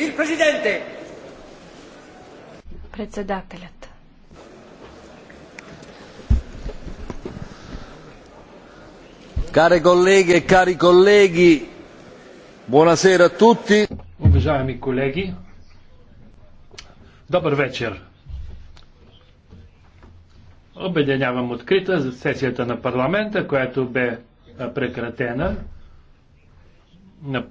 Il Presidente! Председателят. Care колеги, кари e cari colleghi, buonasera a tutti. Уважаеми колеги, добър вечер. Обединявам открита за сесията на парламента, която бе прекратена на